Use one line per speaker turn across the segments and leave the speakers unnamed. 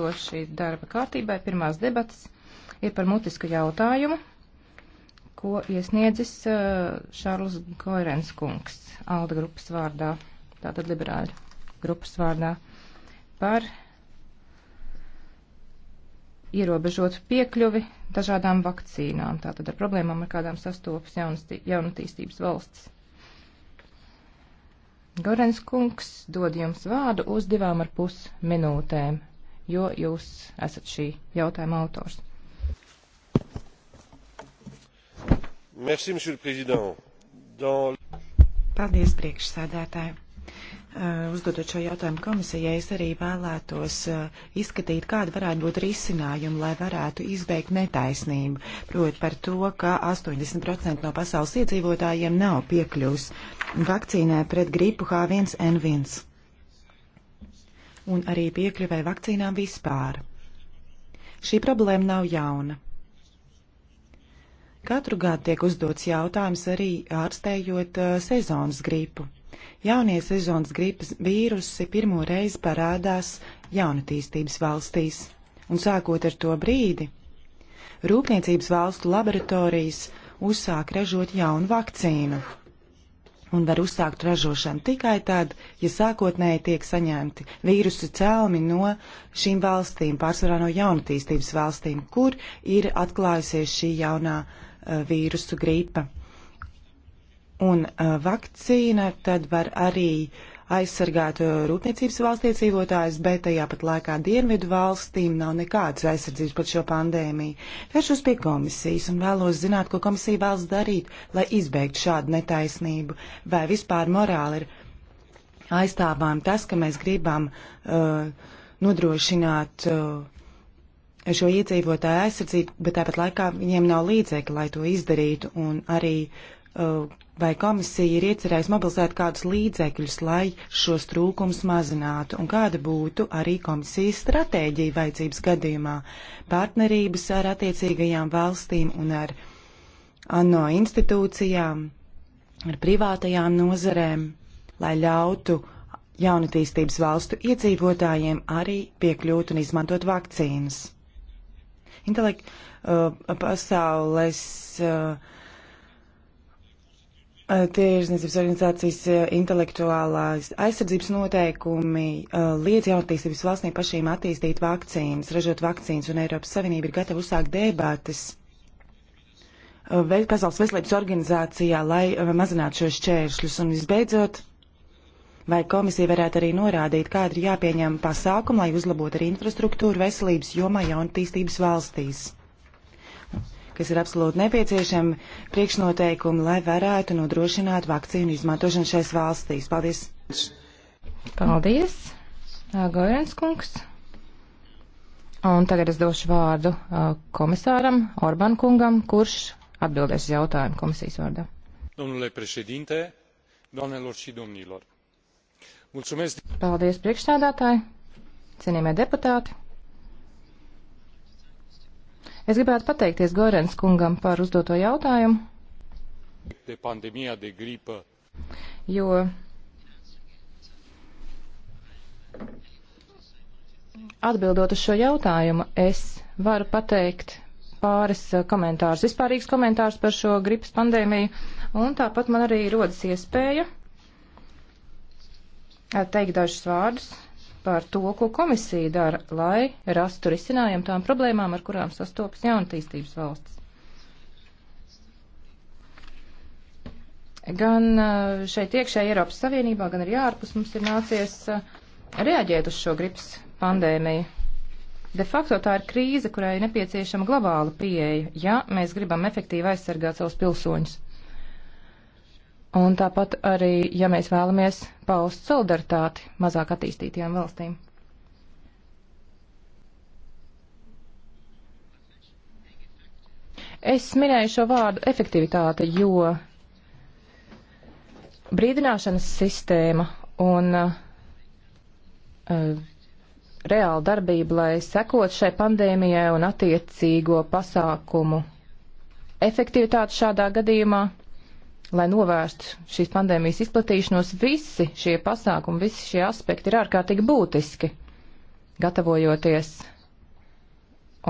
Došī darba kārtībai pirmās debatas ir par mutisku jautājumu, ko iesniedzis uh, Šārls uh, Goirens kungs Alda grupas vārdā, tātad liberāļu grupas vārdā, par ierobežotu piekļuvi dažādām vakcīnām, tātad ar problēmām, ar kādām sastopas jaunatīstības valsts. Gorens kungs dod jums vārdu uz divām ar pus minūtēm jo jūs esat šī jautājuma autors.
Merci, monsieur le président. Dans... Paldies, priekšsēdētāji. Uh, uzdodot šo jautājumu komisijai, es arī vēlētos uh, izskatīt, kāda varētu būt risinājuma, lai varētu izbeigt netaisnību. Proti par to, ka 80% no pasaules iedzīvotājiem nav piekļuvis vakcīnai pret gripu H1N1 un arī piekļuvē vakcīnām vispār. Šī problēma nav jauna. Katru gadu tiek uzdots jautājums arī ārstējot uh, sezonas gripu. Jaunie sezonas gripas vīrusi pirmo reizi parādās jaunatīstības valstīs, un sākot ar to brīdi, rūpniecības valstu laboratorijas uzsāk ražot jaunu vakcīnu un var uzsākt ražošanu tikai tad, ja sākotnēji tiek saņemti vīrusu cēlmi no šīm valstīm, pārsvarā no jaunatīstības valstīm, kur ir atklājusies šī jaunā uh, vīrusu gripa. Un uh, vakcīna tad var arī uh, aizsargātu uh, rūpniecības valsts iedzīvotājus, bet tajā pat laikā dienvidu valstīm nav nekādas aizsardzības pret šo pandēmiju. Vēršos pie komisijas un vēlos zināt, ko komisija vēlas darīt, lai izbeigtu šādu netaisnību, vai vispār morāli ir aizstāvām tas, ka mēs gribam uh, nodrošināt uh, šo iedzīvotāju aizsardzību, bet tāpat laikā viņiem nav līdzekļi, lai to izdarītu, un arī uh, Eh, vai komisija ir iecerējusi mobilizēt kādus līdzekļus, lai šos trūkumus mazinātu, un kāda būtu arī komisijas stratēģija vajadzības gadījumā - partnerības ar attiecīgajām valstīm un ar ANO institūcijām, ar privātajām nozarēm, lai ļautu jaunatīstības valstu iedzīvotājiem arī piekļūt un izmantot vakcīnas. Intelekt, uh, eh, pasaules uh, Tiešniecības organizācijas eh, intelektuālās aizsardzības noteikumi eh, liedz jaunatīstības valstīm pašīm attīstīt vakcīnas, ražot vakcīnas, un Eiropas Savienība ir gatava uzsākt debātas eh, Pasaules veselības organizācijā, lai mazinātu šos šķēršļus. Un visbeidzot, Vai komisija varētu arī norādīt, kāda ir jāpieņem pasākuma, lai uzlabotu arī infrastruktūru veselības jomā jaunatīstības valstīs? kas ir absolūti nepieciešami priekšnoteikumi, lai varētu nodrošināt vakcīnu izmantošanu šais valstīs. Paldies! Paldies, Gorens kungs!
Un tagad es došu vārdu komisāram Orban kungam, kurš atbildēs uz jautājumu komisijas vārdā.
Domnule președinte, doamnelor și domnilor. Mulțumesc.
Paldies priekšstādātāji, cienījamie deputāti. Es gribētu pateikties Gorens kungam par uzdoto jautājumu.
De pandemija, de gripa.
Jo atbildot uz šo jautājumu, es varu pateikt pāris komentārus, vispārīgs komentārs par šo gripas pandēmiju, un tāpat man arī rodas iespēja teikt dažus vārdus par to, ko komisija dara, lai rastu risinājumu tām problēmām, ar kurām sastopas jaunatīstības valstis. Gan eh, šeit iekšē Eiropas Savienībā, gan arī ārpus mums ir nācies eh, reaģēt uz šo gripas pandēmiju. De facto tā ir krīze, kurai nepieciešama globāla pieeja, ja mēs gribam efektīvi aizsargāt savus pilsoņus. Un tāpat arī, ja mēs vēlamies paust solidaritāti mazāk attīstītajām valstīm. Es minēju šo vārdu efektivitāte, jo brīdināšanas sistēma un uh, reāla darbība, lai sekot šai pandēmijai un attiecīgo pasākumu efektivitāti šādā gadījumā lai novērstu šīs pandēmijas izplatīšanos, visi šie pasākumi, visi šie aspekti ir ārkārtīgi būtiski, gatavojoties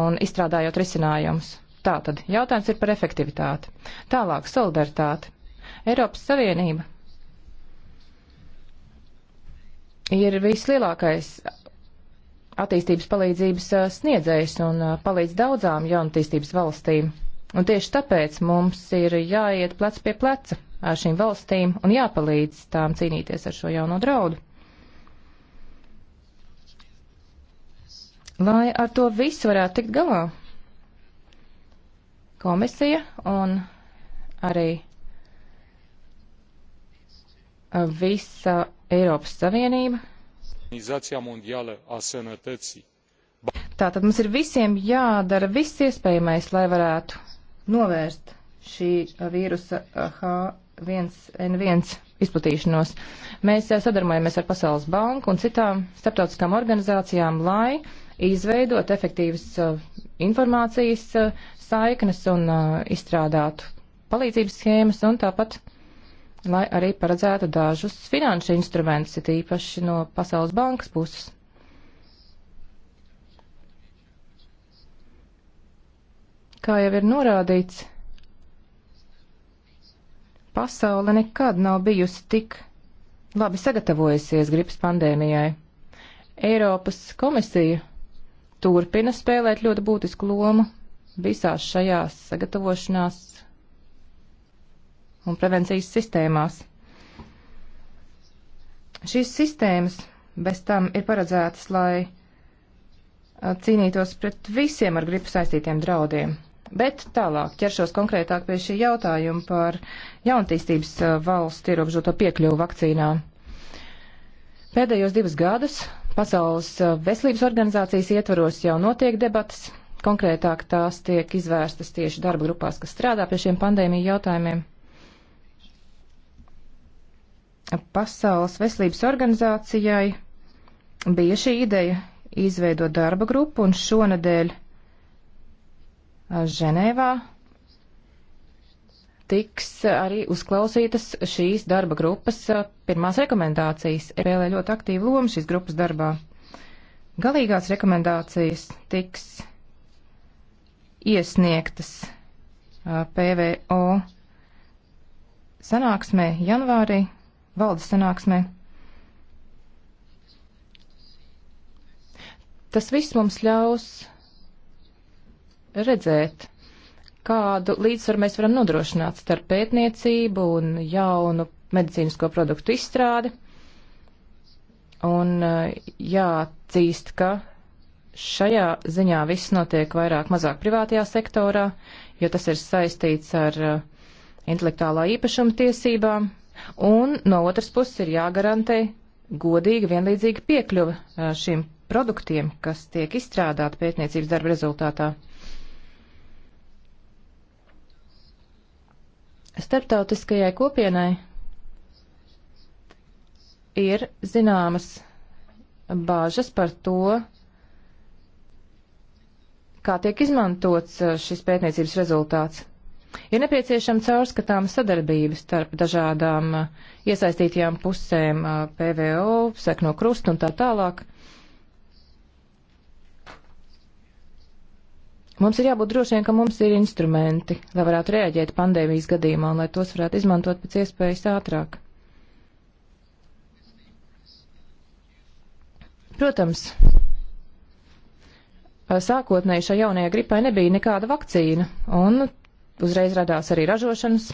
un izstrādājot risinājumus. Tātad jautājums ir par efektivitāti. Tālāk solidaritāte. Eiropas Savienība ir vislielākais attīstības palīdzības sniedzējs un palīdz daudzām jaunatīstības valstīm Un tieši tāpēc mums ir jāiet plec pie pleca ar šīm valstīm un jāpalīdz tām cīnīties ar šo jauno draudu. Lai ar to visu varētu tikt galā, komisija un arī uh, visa Eiropas Savienība. Tātad mums ir visiem jādara viss iespējamais, lai varētu novērst šī vīrusa H1N1 eh, izplatīšanos. Mēs eh, sadarbojamies ar Pasaules banku un citām starptautiskām organizācijām, lai izveidot efektīvas eh, informācijas saiknes un izstrādātu palīdzības schēmas un tāpat lai arī paredzētu dažus finanšu instrumentus, it īpaši no Pasaules bankas puses. Kā jau ir norādīts, pasaule nekad nav bijusi tik labi sagatavojusies gripas pandēmijai. Eiropas komisija turpina spēlēt ļoti būtisku lomu visās šajās sagatavošanās un prevencijas sistēmās. Šīs sistēmas bez tam ir paredzētas, lai cīnītos pret visiem ar gripu saistītiem draudiem. Bet tālāk ķeršos konkrētāk pie šī jautājuma par jauntīstības valsts ierobežoto piekļuvu vakcīnām. Pēdējos divus gadus Pasaules veselības organizācijas ietvaros jau notiek debatas. Konkrētāk tās tiek izvērstas tieši darba grupās, kas strādā pie šiem pandēmiju jautājumiem. Pasaules veselības organizācijai bija šī ideja izveidot darba grupu, un šonadēļ Ženēvā tiks arī uzklausītas šīs darba grupas pirmās rekomendācijas. Spēlē e e ļoti aktīvu lomu šīs grupas darbā. Galīgās rekomendācijas tiks iesniegtas PVO sanāksmē janvārī, valdes sanāksmē. Tas viss mums ļaus redzēt, kādu līdzsvaru mēs varam nodrošināt starp pētniecību un jaunu medicīnisko produktu izstrādi. Un eh, jāatzīst, ka šajā ziņā viss notiek vairāk mazāk privātajā sektorā, jo tas ir saistīts ar eh, intelektuālā īpašuma tiesībām, un no otras puses ir jāgarantē godīga, vienlīdzīga piekļuva eh, šiem produktiem, kas tiek izstrādāti pētniecības darba rezultātā. Starptautiskajai kopienai ir zināmas bāžas par to, kā tiek izmantots uh, šis pētniecības rezultāts. Ir nepieciešama caurskatāma sadarbība starp dažādām uh, iesaistītajām pusēm, uh, PVO, sekno krustu un tā tālāk. Mums ir jābūt drošiem, ka mums ir instrumenti, lai varētu reaģēt pandēmijas gadījumā un lai tos varētu izmantot pēc iespējas ātrāk. Protams, sākotnēji šai jaunajai gripai nebija nekāda vakcīna, un uzreiz radās arī ražošanas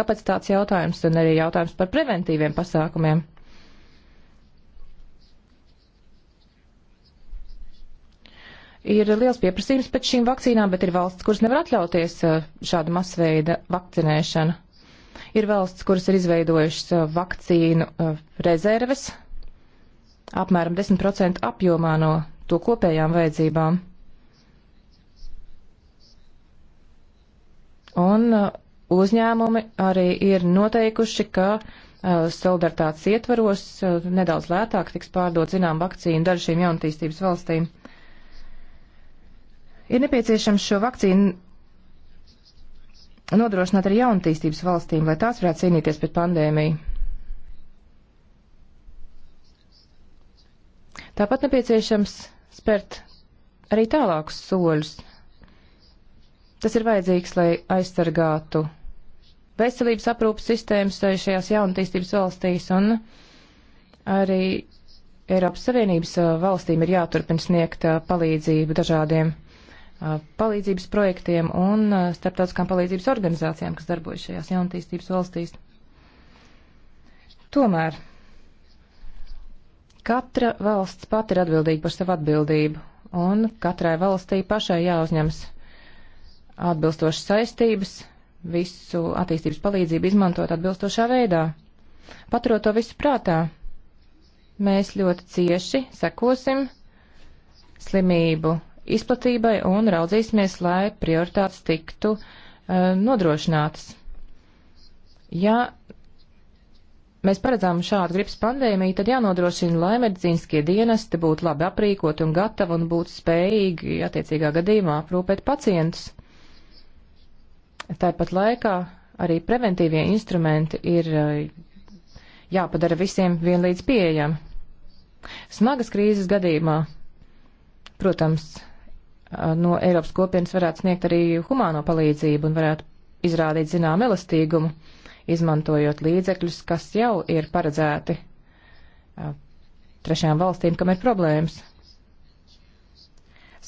kapacitātes jautājums un arī jautājums par preventīviem pasākumiem. ir liels pieprasījums pēc šīm vakcīnām, bet ir valsts, kuras nevar atļauties uh, šādu masveida vakcinēšanu. Ir valsts, kuras ir izveidojušas uh, vakcīnu uh, rezerves apmēram 10% apjomā no to kopējām vajadzībām. Un uzņēmumi arī ir noteikuši, ka solidaritātes ietvaros nedaudz lētāk tiks pārdot zinām vakcīnu dažiem jaunatīstības valstīm. Ir nepieciešams šo vakcīnu nodrošināt arī jaunatīstības valstīm, lai tās varētu cīnīties pret pandēmiju. Tāpat nepieciešams spērt arī tālākus soļus. Tas ir vajadzīgs, lai aizsargātu veselības aprūpas sistēmas šajās jaunatīstības valstīs, un arī Eiropas Savienības valstīm ir jāturpina sniegt palīdzību dažādiem palīdzības projektiem un starptautiskām palīdzības organizācijām, kas darbojas šajās jaunatīstības valstīs. Tomēr katra valsts pati ir atbildīga par savu atbildību, un katrai valstī pašai jāuzņems atbilstošas saistības, visu attīstības palīdzību izmantot atbilstošā veidā. Paturot to visu prātā, mēs ļoti cieši sekosim slimību izplatībai un raudzīsimies, lai prioritātes tiktu uh, nodrošinātas. Ja mēs paredzām šādu gripas pandēmiju, tad jānodrošina, lai medicīniskie dienesti būtu labi aprīkoti un gatavi un būtu spējīgi attiecīgā gadījumā aprūpēt pacientus. Tāpat laikā arī preventīvie instrumenti ir eh, jāpadara visiem vienlīdz pieejami. Smagas krīzes gadījumā, protams, Uh, no Eiropas kopienas varētu sniegt arī humāno palīdzību un varētu izrādīt zinām elastīgumu, izmantojot līdzekļus, kas jau ir paredzēti uh, trešajām valstīm, kam ir problēmas.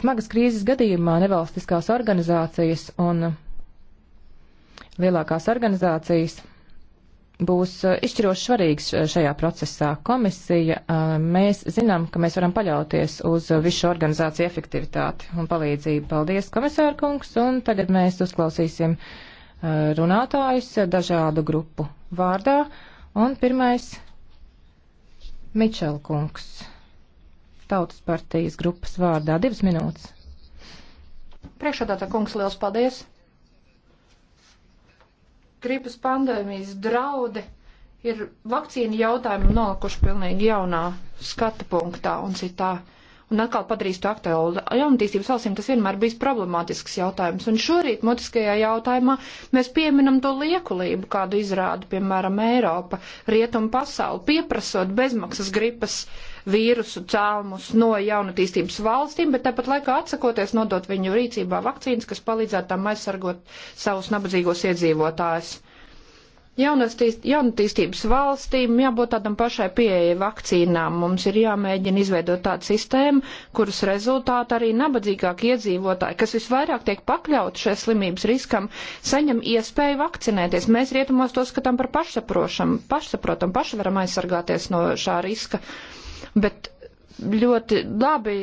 Smagas krīzes gadījumā nevalstiskās organizācijas un lielākās organizācijas būs eh, izšķiroši svarīgs eh, šajā procesā. Komisija, eh, mēs zinām, ka mēs varam paļauties uz visu organizāciju efektivitāti un palīdzību. Paldies, komisāra kungs, un tagad mēs uzklausīsim runātājus dažādu grupu vārdā. Un pirmais - Mičel kungs, Tautas partijas grupas vārdā, divas minūtes.
Priekšādā kungs, liels paldies! gripas pandēmijas draudi ir vakcīnu jautājumu nolikuši pilnīgi jaunā skatu punktā un citā. Uh, un atkal padarīs to aktuālu. Jaunatīstības valstīm tas vienmēr bijis problemātisks jautājums, un šorīt mutiskajā jautājumā mēs pieminam to liekulību, kādu izrāda, piemēram, Eiropa, rietuma pasauli, pieprasot bezmaksas gripas vīrusu cēlumus no jaunatīstības valstīm, bet tāpat laikā atsakoties nodot viņu rīcībā vakcīnas, kas palīdzētu tam aizsargot savus nabadzīgos iedzīvotājus. Jaunatīstības valstīm jābūt tādam pašai pieeja vakcīnām. Mums ir jāmēģina izveidot tādu sistēmu, kuras rezultātā arī nabadzīgākie iedzīvotāji, kas visvairāk tiek pakļauti šai slimības riskam, saņem iespēju vakcinēties. Mēs rietumos to skatām par pašsaprotam, pašvaram aizsargāties no šā riska. Bet ļoti labi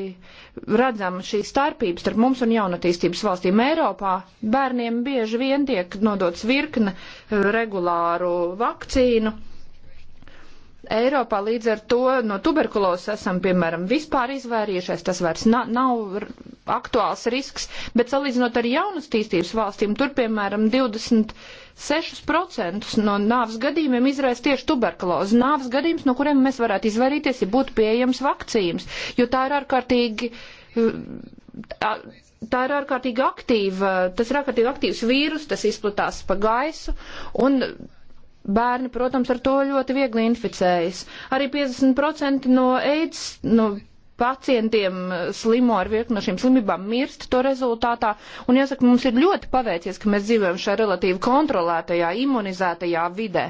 redzam šī starpības starp mums un jaunatīstības valstīm. Eiropā bērniem bieži vien tiek nodots virkne eh, regulāru vakcīnu Eiropā līdz ar to no tuberkulozes esam, piemēram, vispār izvairījušies, tas vairs na nav aktuāls risks, bet salīdzinot ar jaunastīstības valstīm, tur, piemēram, 26% no nāves gadījumiem izraisa tieši tuberkuloze. Nāves gadījums, no kuriem mēs varētu izvairīties, ja būtu pieejams vakcīnas, jo tā ir ārkārtīgi. Uh, tā, tā ir ārkārtīgi aktīva, tas ir ārkārtīgi aktīvs vīrus, tas izplatās pa gaisu, un Bērni, protams, ar to ļoti viegli inficējas. Arī 50% no AIDS, no pacientiem slimo ar virkni no šīm slimībām mirst to rezultātā. Un jāsaka, mums ir ļoti paveicies, ka mēs dzīvojam šajā relatīvi kontrolētajā, imunizētajā vidē.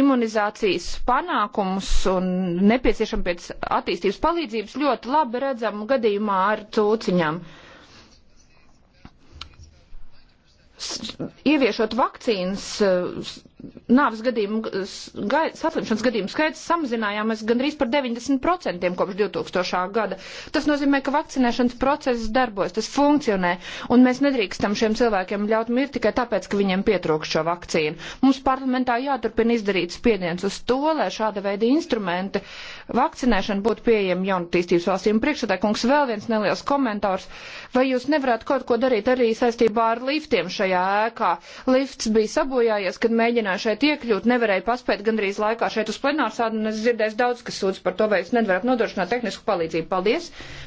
Imunizācijas panākumus un nepieciešam pēc attīstības palīdzības ļoti labi redzam gadījumā ar cūciņām. Uh, ieviešot vakcīnas nāves gadījumu, saslimšanas gadījumu skaits samazinājāmies gandrīz par 90% kopš 2000. gada. Tas nozīmē, ka vakcinēšanas process darbojas, tas funkcionē, un mēs nedrīkstam šiem cilvēkiem ļaut mirt tikai tāpēc, ka viņiem pietrūkst šo vakcīnu. Mums parlamentā jāturpina izdarīt spiediens uz to, lai šāda veida instrumenti vakcinēšana būtu pieejama jaunatīstības valstīm. Priekšsēdēkungs vēl viens neliels komentārs. Vai jūs nevarētu kaut ko darīt arī saistībā ar liftiem šajā ēkā? Lifts bija sabojājies, kad mēģinājums mēģināju šeit iekļūt, nevarēju paspēt gandrīz laikā šeit uz plenārsādu, un es dzirdēju daudz, kas sūdz par to, vai jūs nevarat nodrošināt tehnisku palīdzību. Paldies!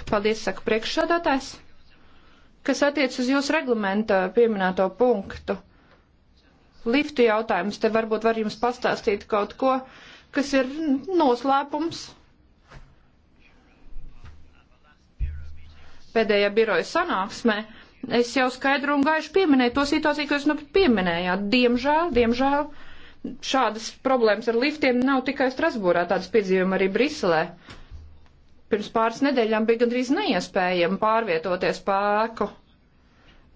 Paldies, saka priekšsādātājs! Kas attiec uz jūsu reglamenta pieminēto punktu? Liftu jautājums, te varbūt var jums pastāstīt kaut ko, kas ir noslēpums. Pēdējā biroja sanāksmē Es jau skaidru un gaišu pieminēju to situāciju, ko jūs nu pieminējāt. Diemžēl, diemžēl šādas problēmas ar liftiem nav tikai Strasbūrā, tādas piedzīvojam arī Briselē. Pirms pāris nedēļām bija gandrīz neiespējami pārvietoties pa ēku.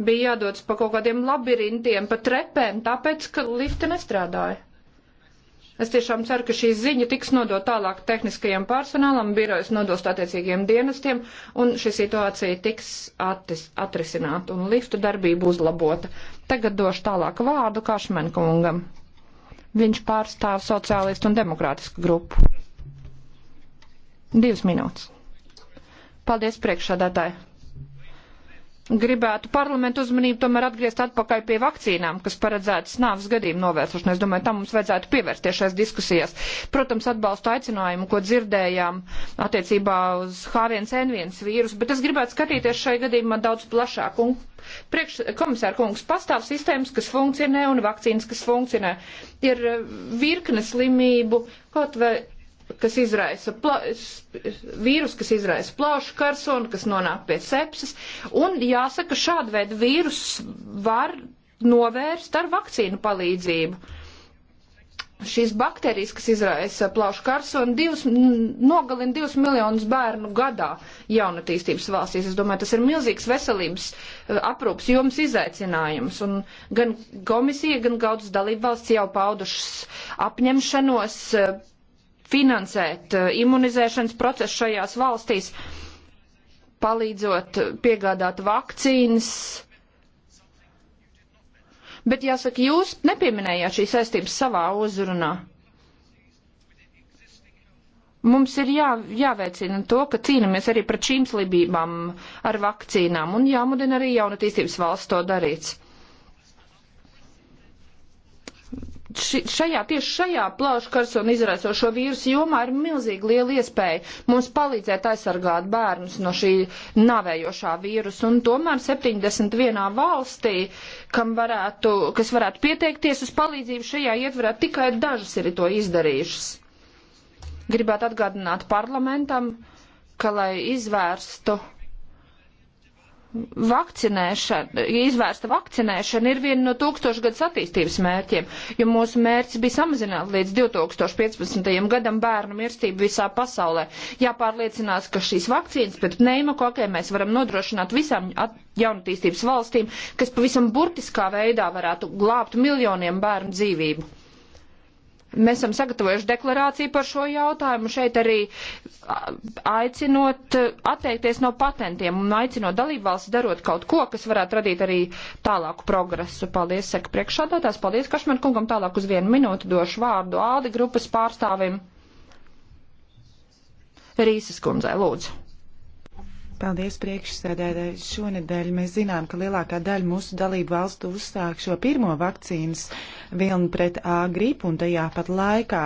Bija jādodas pa kaut kādiem labirintiem, pa trepēm, tāpēc, ka lifti nestrādāja. Es tiešām ceru, ka šī ziņa tiks nodot tālāk tehniskajam personālam, birojas nodos attiecīgiem dienestiem, un šī situācija tiks atis, atrisināta un liftu darbība uzlabota. Tagad došu tālāk vārdu Kašmenkungam. Viņš pārstāv sociālistu un demokrātisku grupu. Divas minūtes. Paldies priekšādātāji gribētu parlamentu uzmanību tomēr atgriezt atpakaļ pie vakcīnām, kas paredzētas nāves gadījumu novērsušanai. Es domāju, tam mums vajadzētu pievērsties šajās diskusijās. Protams, atbalstu aicinājumu, ko dzirdējām attiecībā uz H1N1 vīrusu, bet es gribētu skatīties šai gadījumā daudz plašāk. Un priekš, komisāra kungs, pastāv sistēmas, kas funkcionē un vakcīnas, kas funkcionē. Ir eh, virkne slimību, kaut vai kas izraisa plā, vīrus, kas izraisa plaušu karsonu, kas nonāk pie sepses. Un jāsaka, šāda veida vīrus var novērst ar vakcīnu palīdzību. Šīs baktērijas, kas izraisa plaušu karsonu, divas, nogalina divus miljonus bērnu gadā jaunatīstības valstīs. Es domāju, tas ir milzīgs veselības eh, aprūps joms izaicinājums. Un gan komisija, gan gaudas dalība valsts jau paudušas apņemšanos eh, finansēt eh, imunizēšanas procesu šajās valstīs, palīdzot eh, piegādāt vakcīnas. Bet jāsaka, jūs nepieminējāt šīs saistības savā uzrunā. Mums ir jā, jāveicina to, ka cīnamies arī pret šīm slibībām ar vakcīnām un jāmudina arī jaunatīstības valsts to darīts. ši, šajā, tieši šajā plaušu karsona izraisošo vīrusu jomā ir milzīgi liela iespēja mums palīdzēt aizsargāt bērnus no šī navējošā vīrusa. Un tomēr 71 valstī, kam varētu, kas varētu pieteikties uz palīdzību šajā ietverā, tikai dažas ir to izdarījušas. Gribētu atgādināt parlamentam, ka lai izvērstu vakcinēšana, izvērsta vakcinēšana ir viena no tūkstošgadus attīstības mērķiem, jo mūsu mērķis bija samazināt līdz 2015. gadam bērnu mirstību visā pasaulē. Jāpārliecinās, ka šīs vakcīnas pret pneimakokiem mēs varam nodrošināt visām jaunatīstības valstīm, kas pavisam burtiskā veidā varētu glābt miljoniem bērnu dzīvību. Mēs esam sagatavojuši deklarāciju par šo jautājumu, šeit arī aicinot atteikties no patentiem un aicinot dalībvalsts darot kaut ko, kas varētu radīt arī tālāku progresu. Paldies, saka priekšādātājs. Paldies, Kašman kungam. Tālāk uz vienu minūti došu vārdu Aldi grupas pārstāvim. Rīsas kundzei, lūdzu.
Paldies, priekšsēdētāji. Šonedēļ mēs zinām, ka lielākā daļa mūsu dalību valstu uzsāk šo pirmo vakcīnas vilnu pret A gripu un tajā pat laikā.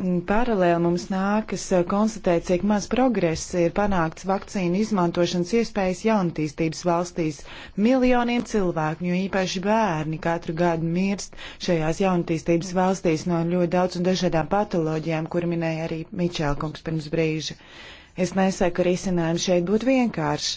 Mm, paralēli mums nākas eh, konstatēt, cik maz progresa ir panākts vakcīnu izmantošanas iespējas jaunatīstības valstīs. Miljoniem cilvēku, jo īpaši bērni, katru gadu mirst šajās jaunatīstības valstīs no ļoti daudz un dažādām patoloģijām, kur minēja arī Mičēlkungs pirms brīža. Es nesaku, ka risinājums šeit būtu vienkāršs.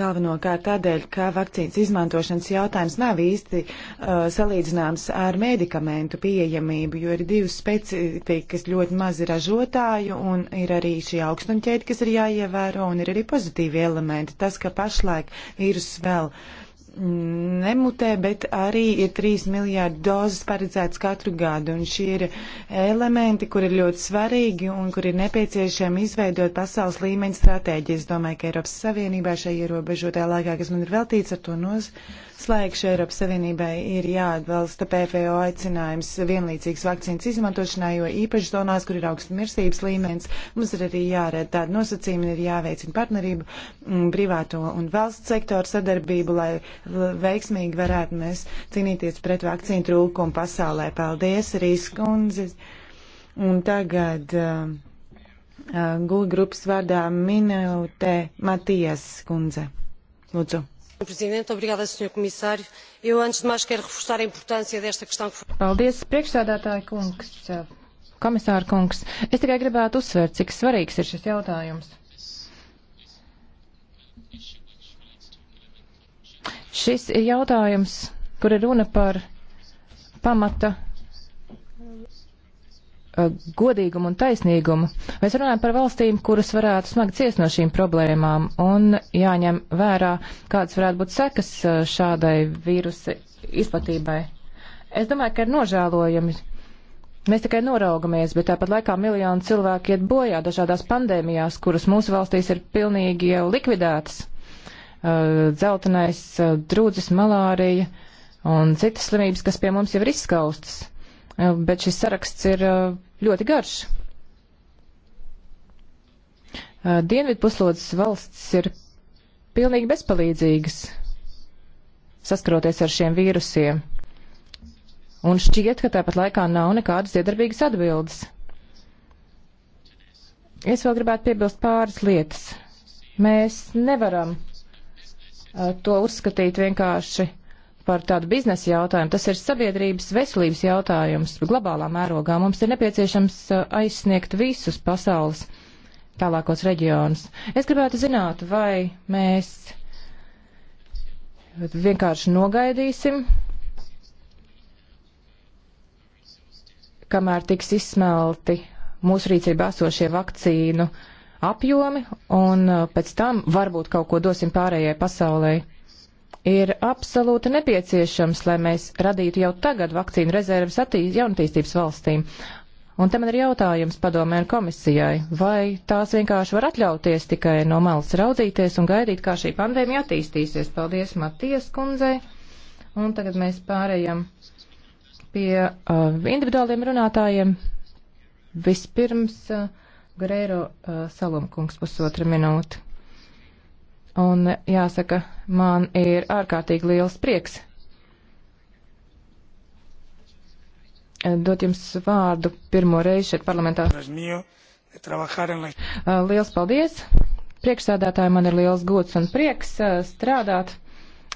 Galvenokārt tādēļ, ka vakcīnas izmantošanas jautājums nav īsti uh, salīdzināms ar medikamentu pieejamību, jo ir divas specifikas ļoti mazi ražotāju un ir arī šī augstumķēde, kas ir jāievēro un ir arī pozitīvi elementi. Tas, ka pašlaik vīrus vēl uh, nemutē, bet arī ir 3 miljārdu dozes paredzētas katru gadu. Un šie ir elementi, kur ir ļoti svarīgi un kur ir nepieciešami izveidot pasaules līmeņa stratēģiju. Es domāju, ka Eiropas Savienībā šai ierobežotā laikā, kas man ir veltīts, ar to nos, slēgšu Eiropas Savienībai ir jāatbalsta PPO aicinājums vienlīdzīgas vakcīnas izmantošanai, jo īpaši zonās, kur ir augsts mirstības līmenis, mums ir arī jārēd tāda nosacījuma, ir jāveicina partnerību, mm, privāto un valsts sektoru sadarbību, lai veiksmīgi varētu mēs cīnīties pret vakcīnu trūkumu pasaulē. Paldies, Rīskundzes. Un tagad. Uh, uh Gūda grupas vārdā minētē Matijas kundze. Lūdzu senhor presidente obrigada senhor comissário eu antes de mais quero reforçar a importância desta questão que foi
Paldies priekšsēdētāja kungs komisāra kungs es tikai gribētu uzsvērt cik svarīgs ir šis jautājums Šis jautājums, kur ir runa par pamata Uh, godīgumu un taisnīgumu. Mēs runājam par valstīm, kuras varētu smagi ciest no šīm problēmām, un jāņem vērā, kādas varētu būt sekas uh, šādai vīrusa izplatībai. Es domāju, ka ir nožēlojami. Mēs tikai noraugamies, bet tāpat laikā miljonu cilvēku iet bojā dažādās pandēmijās, kuras mūsu valstīs ir pilnīgi jau likvidētas. Uh, dzeltenais drūdzis, malārija un citas slimības, kas pie mums jau ir izskaustas Eh, bet šis saraksts ir eh, ļoti garš. Eh, Dienvidu puslodes valsts ir pilnīgi bezpalīdzīgas saskaroties ar šiem vīrusiem. Un šķiet, ka tāpat laikā nav nekādas iedarbīgas atbildes. Es vēl gribētu piebilst pāris lietas. Mēs nevaram uh, to uzskatīt vienkārši par tādu biznesa jautājumu, tas ir sabiedrības veselības jautājums globālā mērogā. Mums ir nepieciešams uh, aizsniegt visus pasaules tālākos reģionus. Es gribētu zināt, vai mēs vienkārši nogaidīsim, kamēr tiks izsmelti mūsu rīcībā esošie vakcīnu apjomi, un uh, pēc tam varbūt kaut ko dosim pārējai pasaulē ir absolūti nepieciešams, lai mēs radītu jau tagad vakcīnu rezerves jaunatīstības valstīm. Un te man ir jautājums padomē un komisijai, vai tās vienkārši var atļauties tikai no malas raudzīties un gaidīt, kā šī pandēmija attīstīsies. Paldies Matijas kundzei. Un tagad mēs pārējam pie uh, individuāliem runātājiem. Vispirms uh, Grēro uh, Salumkungs pusotra minūte. Un jāsaka, man ir ārkārtīgi liels prieks dot jums vārdu pirmo reizi šeit parlamentā.
Eh, eh,
liels paldies! Priekšsēdētāji man ir liels gods un prieks eh, strādāt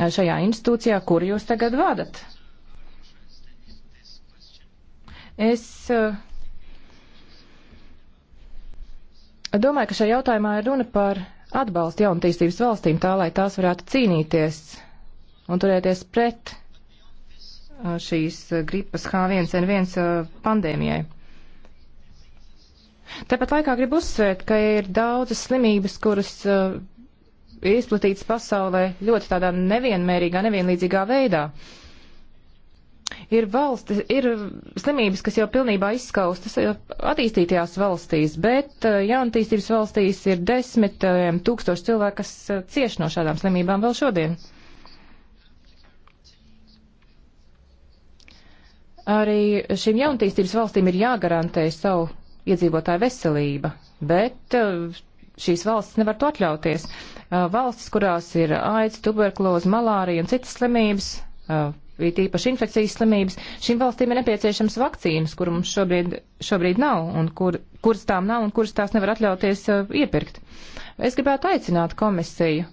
šajā institūcijā, kur jūs tagad vadat. Es domāju, ka šajā jautājumā ir runa par atbalstu jaunatīstības valstīm tā, lai tās varētu cīnīties un turēties pret uh, šīs uh, gripas H1N1 uh, pandēmijai. Tāpat laikā gribu uzsvērt, ka ir daudzas slimības, kuras uh, ir izplatītas pasaulē ļoti tādā nevienmērīgā, nevienlīdzīgā veidā. Uh, Ir valstis, ir slimības, kas jau pilnībā izskaustas attīstītajās valstīs, bet eh, jaunatīstības valstīs ir desmitiem eh, tūkstoši cilvēku, kas eh, cieš no šādām slimībām vēl šodien. Arī šīm jaunatīstības valstīm ir jāgarantē savu iedzīvotāju veselība, bet šīs valstis nevar to atļauties. Valstis, kurās ir aids, tuberkuloze, malārija un citas slimības, bija tīpaši infekcijas slimības, šīm valstīm ir nepieciešams vakcīnas, kur mums šobrīd, šobrīd nav un kur, kuras tām nav un kuras tās nevar atļauties uh, iepirkt. Es gribētu aicināt komisiju.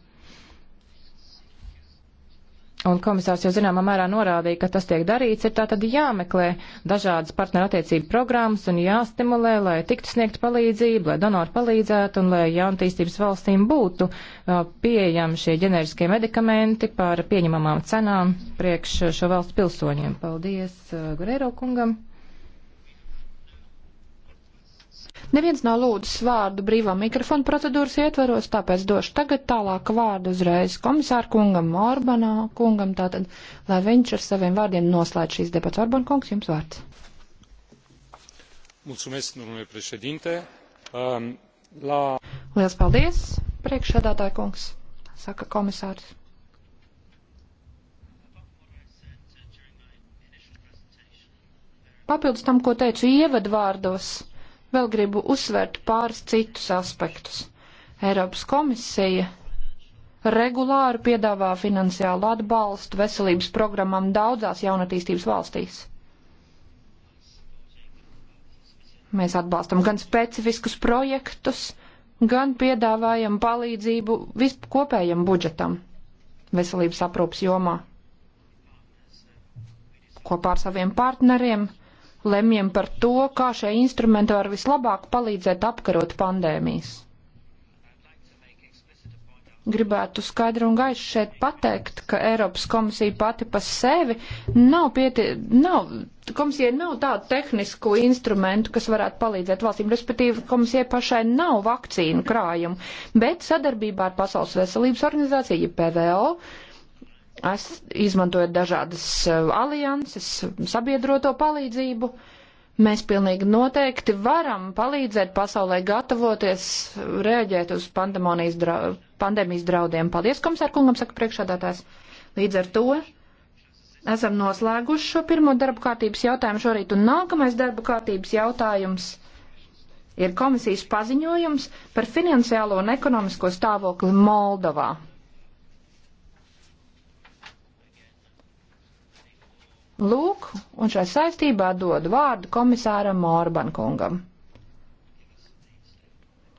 Un komisārs jau zināmā mērā norādīja, ka tas tiek darīts, ir tātad jāmeklē uh, dažādas partnerattiecību programmas un jāstimulē, lai tiktu sniegt palīdzību, lai donori palīdzētu un lai jaunatīstības valstīm būtu uh, pieejami šie ģeneriskie medikamenti par pieņemamām cenām priekš uh, šo valstu pilsoņiem. Paldies uh, Gurēro kungam! Neviens nav
lūdzis vārdu brīvā mikrofona procedūras ietvaros, tāpēc došu tagad tālāk vārdu uzreiz komisāru kungam Orbanā kungam, tātad, lai viņš ar saviem vārdiem noslēdz šīs debats. Orban kungs, jums vārds.
Mulțumesc, domnule președinte. Um, la...
Liels paldies, priekšsēdātāja kungs, saka komisārs. Papildus tam, ko teicu ievadvārdos vēl gribu uzsvērt pāris citus aspektus. Eiropas komisija regulāri piedāvā finansiālu atbalstu veselības programmām daudzās jaunatīstības valstīs. Mēs atbalstam gan specifiskus projektus, gan piedāvājam palīdzību viskopējam budžetam veselības aprūpas jomā. Kopā ar saviem partneriem lemjam par to, kā šie instrumenti var vislabāk palīdzēt apkarot pandēmijas. Gribētu skaidru un gaišu šeit pateikt, ka Eiropas komisija pati pa sevi nav pietie, nav, komisija nav tādu tehnisku instrumentu, kas varētu palīdzēt valstīm, respektīvi komisija pašai nav vakcīnu krājumu, bet sadarbībā ar Pasaules veselības organizāciju, PVO, Es izmantojot dažādas eh, alianses, sabiedroto palīdzību, mēs pilnīgi noteikti varam palīdzēt pasaulē gatavoties, rēģēt uz dra pandēmijas draudiem. Paldies, komisārkungam, saka priekšādātājs. Līdz ar to esam noslēguši šo pirmo darbu kārtības jautājumu šorīt, un nākamais darbu kārtības jautājums ir komisijas paziņojums par finansiālo un ekonomisko stāvokli Moldovā. Lūk, un šai
saistībā dodu vārdu komisāram Orban kungam.